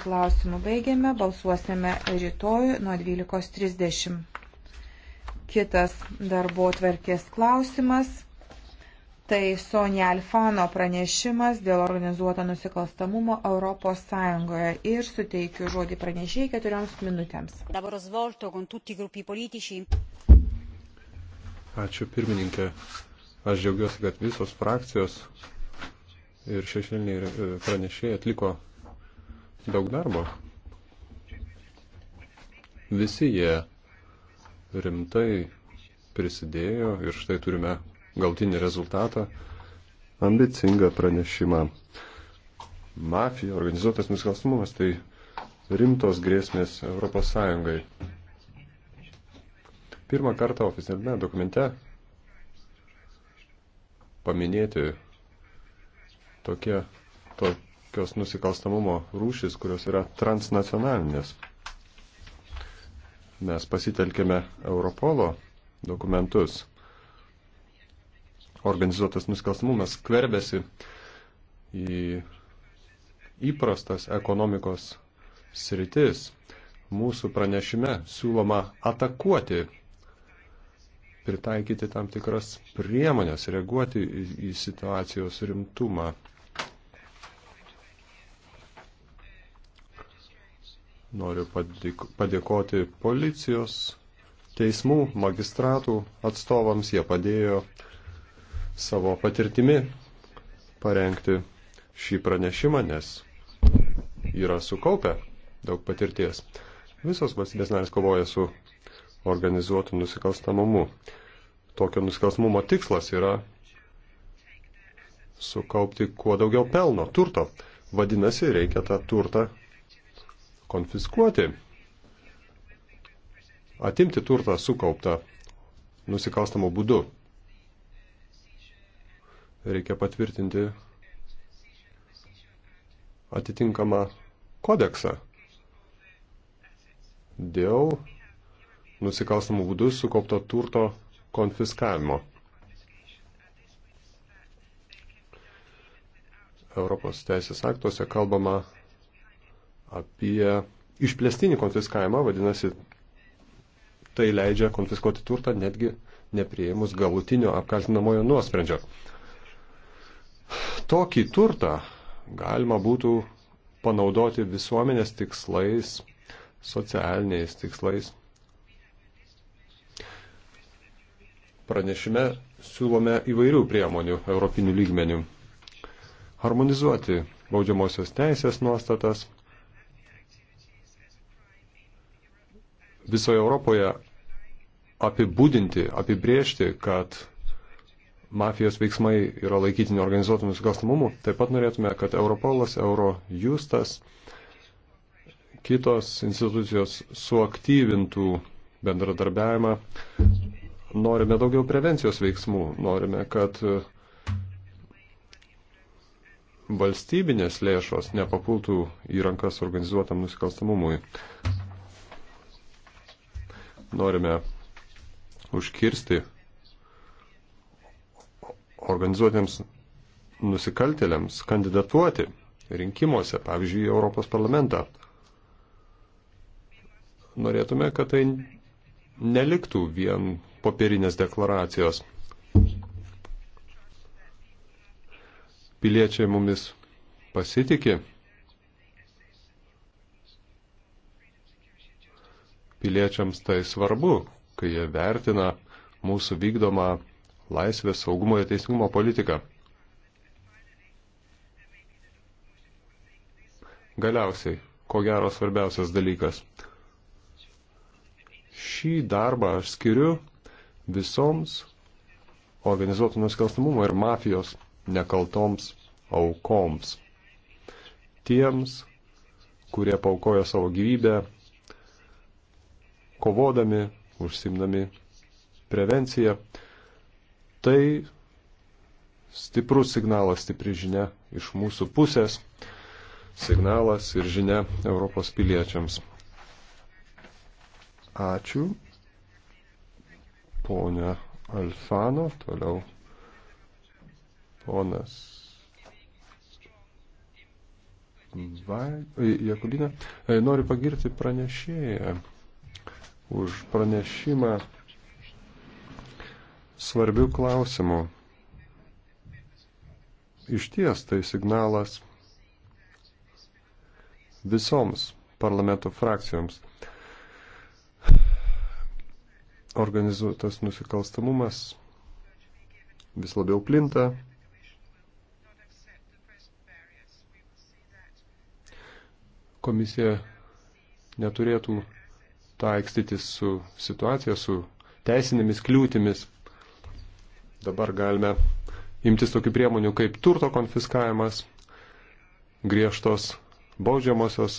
klausimų baigėme, balsuosime rytoj nuo 12.30. Kitas darbo tvarkės klausimas - tai Sonia Alfano pranešimas dėl organizuoto nusikalstamumo Europos Sąjungoje ir suteikiu žodį pranešėjai keturioms minutėms. Ačiū pirmininkė. Aš džiaugiuosi, kad visos frakcijos ir šešėliniai e, pranešėjai atliko daug darbo. Visi jie rimtai prisidėjo ir štai turime galtinį rezultatą - ambicingą pranešimą. Mafija, organizuotas nusikalstamumas - tai rimtos grėsmės Europos Sąjungai. Pirmą kartą oficialiame dokumente paminėti tokie, to, tokios nusikalstamumo rūšis, kurios yra transnacionalinės. Mes pasitelkėme Europolo dokumentus. Organizuotas nusikalstamumas skverbėsi į įprastas ekonomikos sritis. Mūsų pranešime siūloma atakuoti, pritaikyti tam tikras priemonės, reaguoti į situacijos rimtumą. Noriu padėkoti policijos, teismų, magistratų atstovams. Jie padėjo savo patirtimi parengti šį pranešimą, nes yra sukaupę daug patirties. Visos valstybės narės kovoja su organizuotų nusikalstamumu. Tokio nusikalstamumo tikslas yra sukaupti kuo daugiau pelno, turto. Vadinasi, reikia tą turtą konfiskuoti, atimti turtą sukauptą nusikalstamo būdu. Reikia patvirtinti atitinkamą kodeksą dėl nusikalstamų būdų sukaupto turto konfiskavimo. Europos teisės aktuose kalbama apie išplėstinį konfiskavimą, vadinasi, tai leidžia konfiskuoti turtą netgi neprieimus galutinio apkaltinamojo nuosprendžio. Tokį turtą galima būtų panaudoti visuomenės tikslais, socialiniais tikslais. Pranešime siūlome įvairių priemonių europinių lygmenių. Harmonizuoti baudžiamosios teisės nuostatas, visoje Europoje apibūdinti, apibriežti, kad mafijos veiksmai yra laikytini organizuotų nusikalstamumų. Taip pat norėtume, kad Europolas, Eurojustas, kitos institucijos suaktyvintų bendradarbiavimą. Norime daugiau prevencijos veiksmų, norime, kad valstybinės lėšos nepapultų į rankas organizuotam nusikalstamumui norime užkirsti organizuotėms nusikaltėliams kandidatuoti rinkimuose, pavyzdžiui, Europos parlamentą. Norėtume, kad tai neliktų vien popierinės deklaracijos. Piliečiai mumis pasitikė piliečiams tai svarbu, kai jie vertina mūsų vykdomą laisvės, saugumo ir teisingumo politiką. Galiausiai, ko gero svarbiausias dalykas. Šį darbą aš skiriu visoms organizuotų nusikalstamumo ir mafijos nekaltoms aukoms. Tiems, kurie paukojo savo gyvybę kovodami, užsimdami prevenciją. Tai stiprus signalas, stipri žinia iš mūsų pusės, signalas ir žinia Europos piliečiams. Ačiū. Pone Alfano, toliau ponas Vai, Jakulina, noriu pagirti pranešėją už pranešimą svarbių klausimų. Iš ties tai signalas visoms parlamento frakcijoms. Organizuotas nusikalstamumas vis labiau plinta. Komisija neturėtų taikstytis su situacija, su teisinėmis kliūtimis. Dabar galime imtis tokių priemonių kaip turto konfiskavimas, griežtos baudžiamosios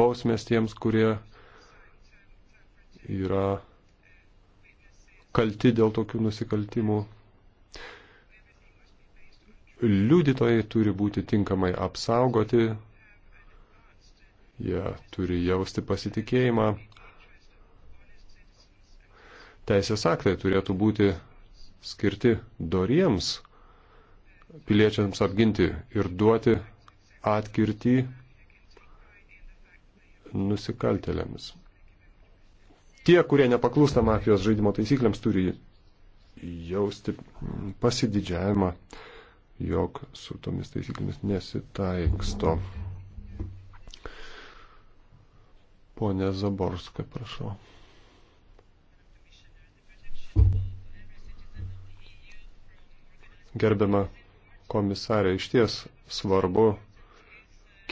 bausmės tiems, kurie yra kalti dėl tokių nusikaltimų. Liudytojai turi būti tinkamai apsaugoti, jie turi jausti pasitikėjimą teisės aktai turėtų būti skirti doriems piliečiams apginti ir duoti atkirtį nusikaltelėmis. Tie, kurie nepaklūsta mafijos žaidimo taisyklėms, turi jausti pasididžiavimą, jog su tomis taisyklėmis nesitaiksto. Pone Zaborska, prašau. gerbiama komisarė, iš ties svarbu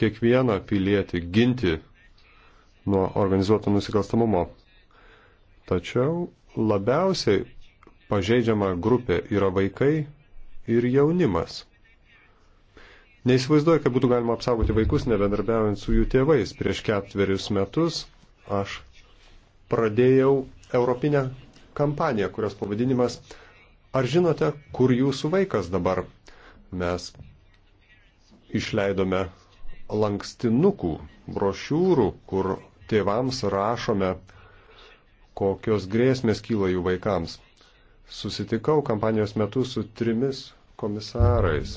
kiekvieną pilietį ginti nuo organizuoto nusikalstamumo. Tačiau labiausiai pažeidžiama grupė yra vaikai ir jaunimas. Neįsivaizduoju, kad būtų galima apsaugoti vaikus, nebendarbiaujant su jų tėvais. Prieš ketverius metus aš pradėjau europinę kampaniją, kurios pavadinimas Ar žinote, kur jūsų vaikas dabar? Mes išleidome lankstinukų, brošiūrų, kur tėvams rašome, kokios grėsmės kyla jų vaikams. Susitikau kampanijos metu su trimis komisarais.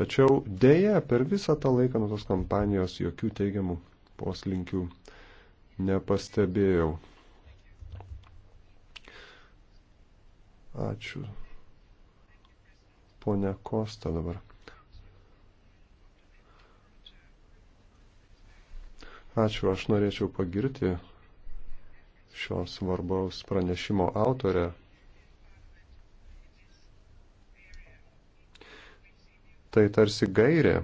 Tačiau dėja per visą tą laiką nuo tos kampanijos jokių teigiamų poslinkių nepastebėjau. Ačiū. Pone Kosta dabar. Ačiū, aš norėčiau pagirti šios svarbaus pranešimo autorę. Tai tarsi gairė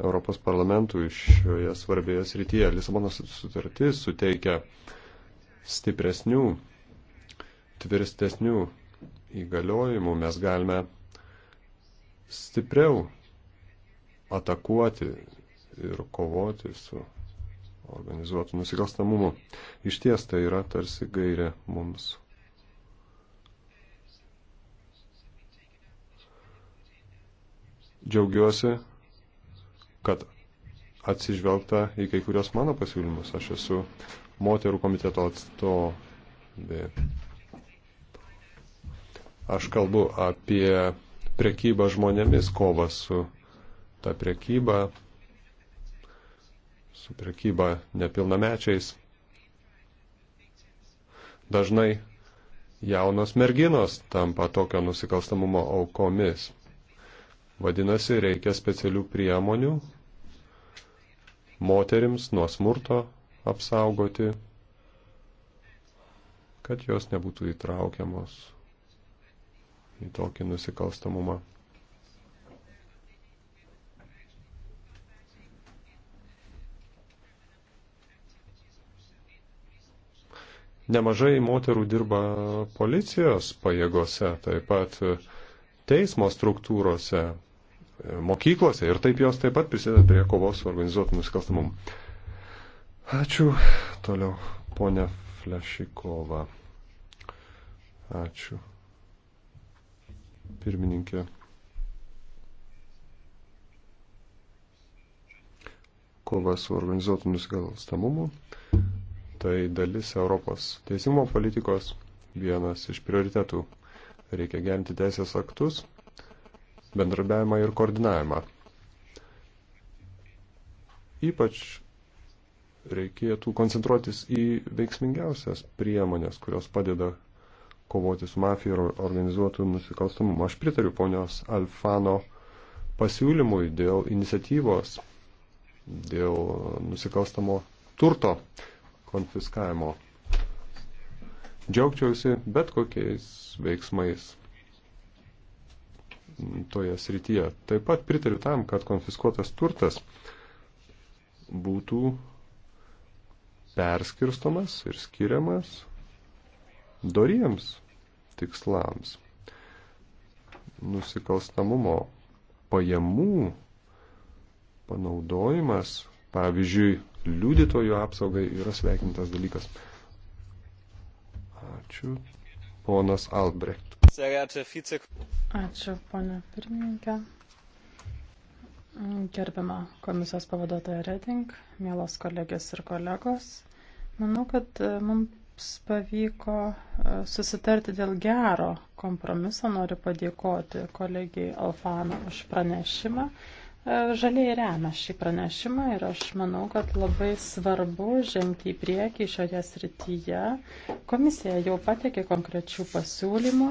Europos parlamentui šioje svarbėje srityje. Lisabonos sutartis suteikia stipresnių tvirtesnių įgaliojimų mes galime stipriau atakuoti ir kovoti su organizuotų nusikalstamumu. Iš ties tai yra tarsi gairė mums. Džiaugiuosi, kad atsižvelgta į kai kurios mano pasiūlymus. Aš esu moterų komiteto atstovė Aš kalbu apie priekybą žmonėmis, kovą su ta priekyba, su priekyba nepilnamečiais. Dažnai jaunos merginos tampa tokio nusikalstamumo aukomis. Vadinasi, reikia specialių priemonių moterims nuo smurto apsaugoti, kad jos nebūtų įtraukiamos į tokį nusikalstamumą. Nemažai moterų dirba policijos pajėgose, taip pat teismo struktūrose, mokyklose ir taip jos taip pat prisideda prie kovos su organizuotų nusikalstamumu. Ačiū. Toliau, ponia Flešikova. Ačiū pirmininkė. Kova su organizuotų nusikalstamumu. Tai dalis Europos teisingumo politikos vienas iš prioritetų. Reikia gerinti teisės aktus, bendrabiavimą ir koordinavimą. Ypač reikėtų koncentruotis į veiksmingiausias priemonės, kurios padeda kovoti su mafija ir organizuotų nusikalstamumu. Aš pritariu ponios Alfano pasiūlymui dėl iniciatyvos, dėl nusikalstamo turto konfiskavimo. Džiaugčiausi bet kokiais veiksmais toje srityje. Taip pat pritariu tam, kad konfiskuotas turtas būtų perskirstomas ir skiriamas doriems tikslams. Nusikalstamumo pajamų panaudojimas, pavyzdžiui, liudytojų apsaugai yra sveikintas dalykas. Ačiū, ponas Albrecht. Ačiū, ponė pirmininkė. Gerbiama komisijos pavaduotoja Reding, mielos kolegės ir kolegos. Manau, kad e, mums mums pavyko e, susitarti dėl gero kompromiso. Noriu padėkoti kolegijai Alfano už pranešimą. E, žaliai remia šį pranešimą ir aš manau, kad labai svarbu žengti į priekį šioje srityje. Komisija jau patikė konkrečių pasiūlymų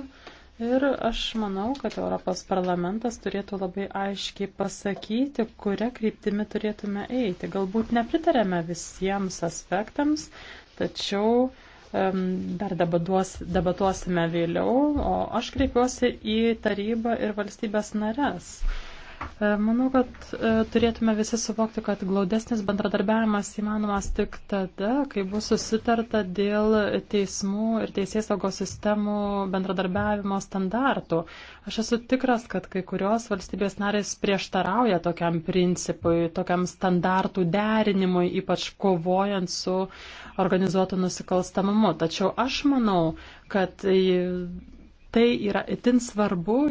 ir aš manau, kad Europos parlamentas turėtų labai aiškiai pasakyti, kurią kryptimį turėtume eiti. Galbūt nepritarėme visiems aspektams, tačiau uh, dar debatuos, debatuosime vėliau, o aš kreipiuosi į tarybą ir valstybės nares. E, manau, kad e, turėtume visi suvokti, kad glaudesnis bendradarbiavimas įmanomas tik tada, kai bus susitarta dėl teismų ir teisės saugos sistemų bendradarbiavimo standartų. Aš esu tikras, kad kai kurios valstybės narės prieštarauja tokiam principui, tokiam standartų derinimui, ypač kovojant su organizuotu nusikalstamumu. Tačiau aš manau, kad tai yra itin svarbu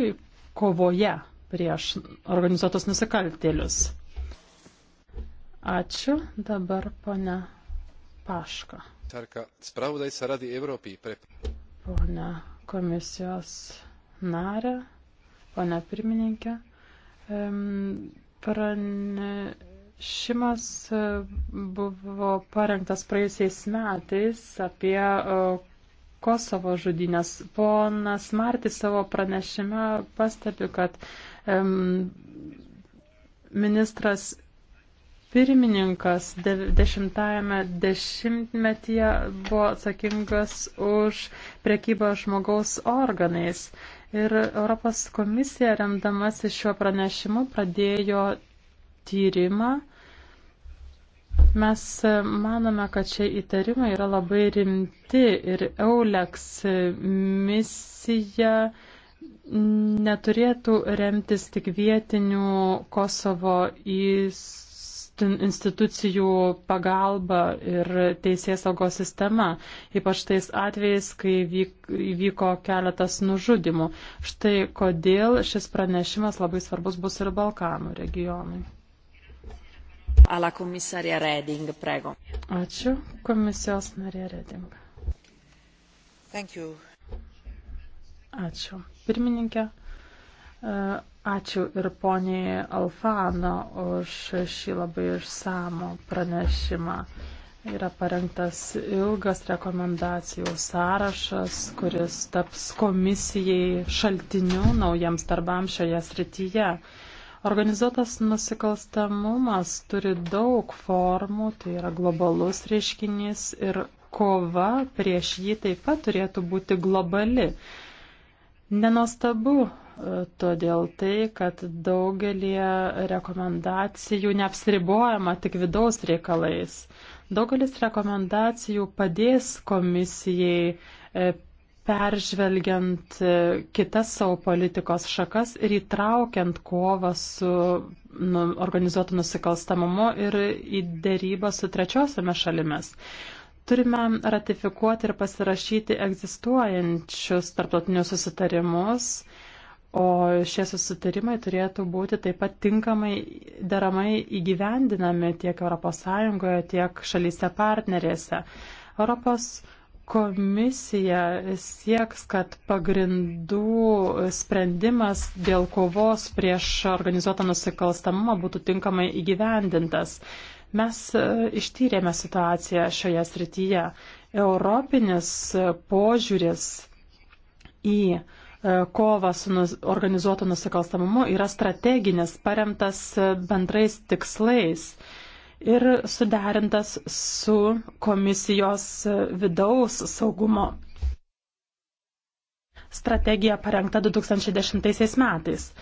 kovoje prieš organizuotos nusikaltėlius. Ačiū. Dabar ponia Paška. Pone komisijos narė, pone pirmininkė, pranešimas e, buvo parengtas praėjusiais metais apie Kosovo žudynės. Ponas Martis savo pranešime pastebi, kad um, ministras pirmininkas 10-ame dešimtmetyje buvo atsakingas už prekybą žmogaus organais. Ir Europos komisija, remdamasi šiuo pranešimu, pradėjo tyrimą Mes manome, kad šie įtarimai yra labai rimti ir Euleks misija neturėtų remtis tik vietinių Kosovo institucijų pagalba ir teisės saugos sistema, ypač tais atvejais, kai įvyko keletas nužudimų. Štai kodėl šis pranešimas labai svarbus bus ir Balkanų regionui. Ala komisarė Reding, prego. Ačiū, komisijos narė Reding. Thank you. Ačiū, pirmininkė. E, ačiū ir poniai Alfano už šį labai išsamų pranešimą yra parengtas ilgas rekomendacijų sąrašas, kuris taps komisijai šaltiniu naujams darbams šioje srityje. Organizuotas nusikalstamumas turi daug formų, tai yra globalus reiškinys ir kova prieš jį taip pat turėtų būti globali. Nenostabu e, todėl tai, kad daugelį rekomendacijų neapsiribuojama tik vidaus reikalais. Daugelis rekomendacijų padės komisijai e, peržvelgiant e, kitas savo politikos šakas ir įtraukiant kovą su nu, organizuotu nusikalstamumu ir į dėrybą su trečiosiomis šalimis. Turime ratifikuoti ir pasirašyti egzistuojančius tarptautinius susitarimus, o šie susitarimai turėtų būti taip pat tinkamai, deramai įgyvendinami tiek ES, tiek šalyse partnerėse. Europos Komisija sieks, kad pagrindų sprendimas dėl kovos prieš organizuotą nusikalstamumą būtų tinkamai įgyvendintas. Mes e, ištyrėme situaciją šioje srityje. Europinis požiūris į e, kova su organizuotu nusikalstamumu yra strateginis, paremtas e, bendrais tikslais ir suderintas su komisijos vidaus saugumo strategija parengta 2010 metais.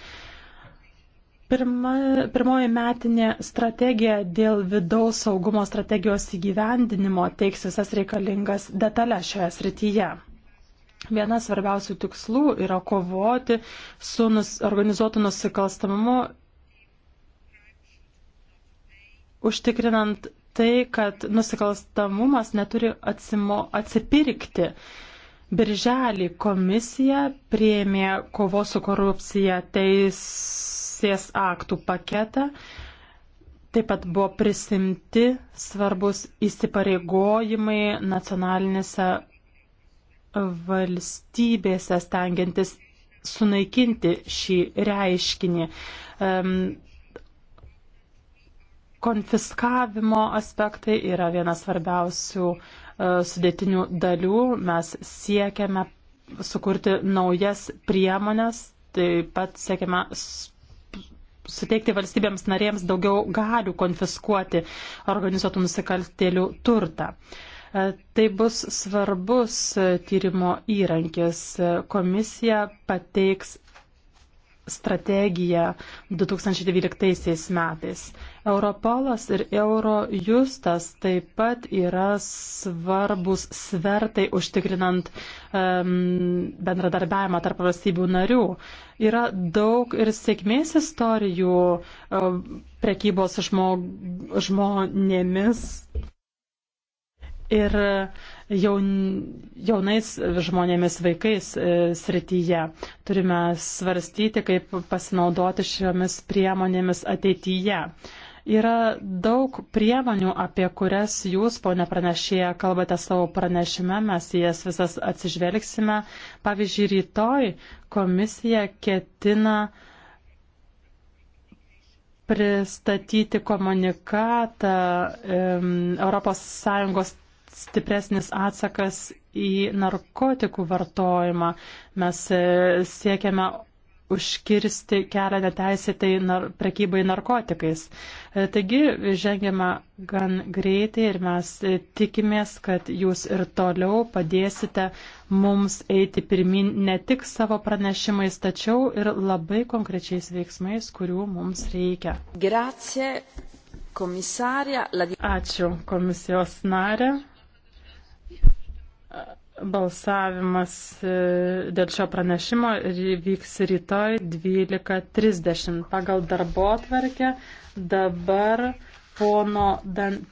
Pirma, pirmoji metinė strategija dėl vidaus saugumo strategijos įgyvendinimo teiks visas reikalingas detalės šioje srityje. Vienas svarbiausių tikslų yra kovoti su nus, organizuotu nusikalstamumu užtikrinant tai, kad nusikalstamumas neturi atsimo, atsipirkti. Birželį komisija prieėmė kovos su korupcija teisės aktų paketą. Taip pat buvo prisimti svarbus įsipareigojimai nacionalinėse valstybėse stengiantis sunaikinti šį reiškinį. Um, konfiskavimo aspektai yra vienas svarbiausių e, sudėtinių dalių. Mes siekiame sukurti naujas priemonės, taip pat siekiame suteikti valstybėms narėms daugiau galių konfiskuoti organizuotų nusikaltėlių turtą. E, tai bus svarbus e, tyrimo įrankis. Komisija pateiks strategiją 2012 metais. Europolas ir Eurojustas taip pat yra svarbus svertai užtikrinant um, bendradarbiavimą tarp valstybių narių. Yra daug ir sėkmės istorijų um, prekybos žmo, žmonėmis ir jaun, jaunais žmonėmis vaikais e, srityje. Turime svarstyti, kaip pasinaudoti šiomis priemonėmis ateityje. Yra daug priemonių, apie kurias jūs, ponė pranešėja, kalbate savo pranešime, mes jas visas atsižvelgsime. Pavyzdžiui, rytoj komisija ketina pristatyti komunikatą um, ES stipresnis atsakas į narkotikų vartojimą. Mes e, siekiame užkirsti kelią neteisėtai nar prekybai narkotikais. E, taigi žengiama gan greitai ir mes e, tikimės, kad jūs ir toliau padėsite mums eiti pirmin ne tik savo pranešimais, tačiau ir labai konkrečiais veiksmais, kurių mums reikia. Grazie, komisarė. Ačiū komisijos narė. Balsavimas e, dėl šio pranešimo vyks rytoj 12.30 pagal darbo atvarkę. Dabar pono Dan.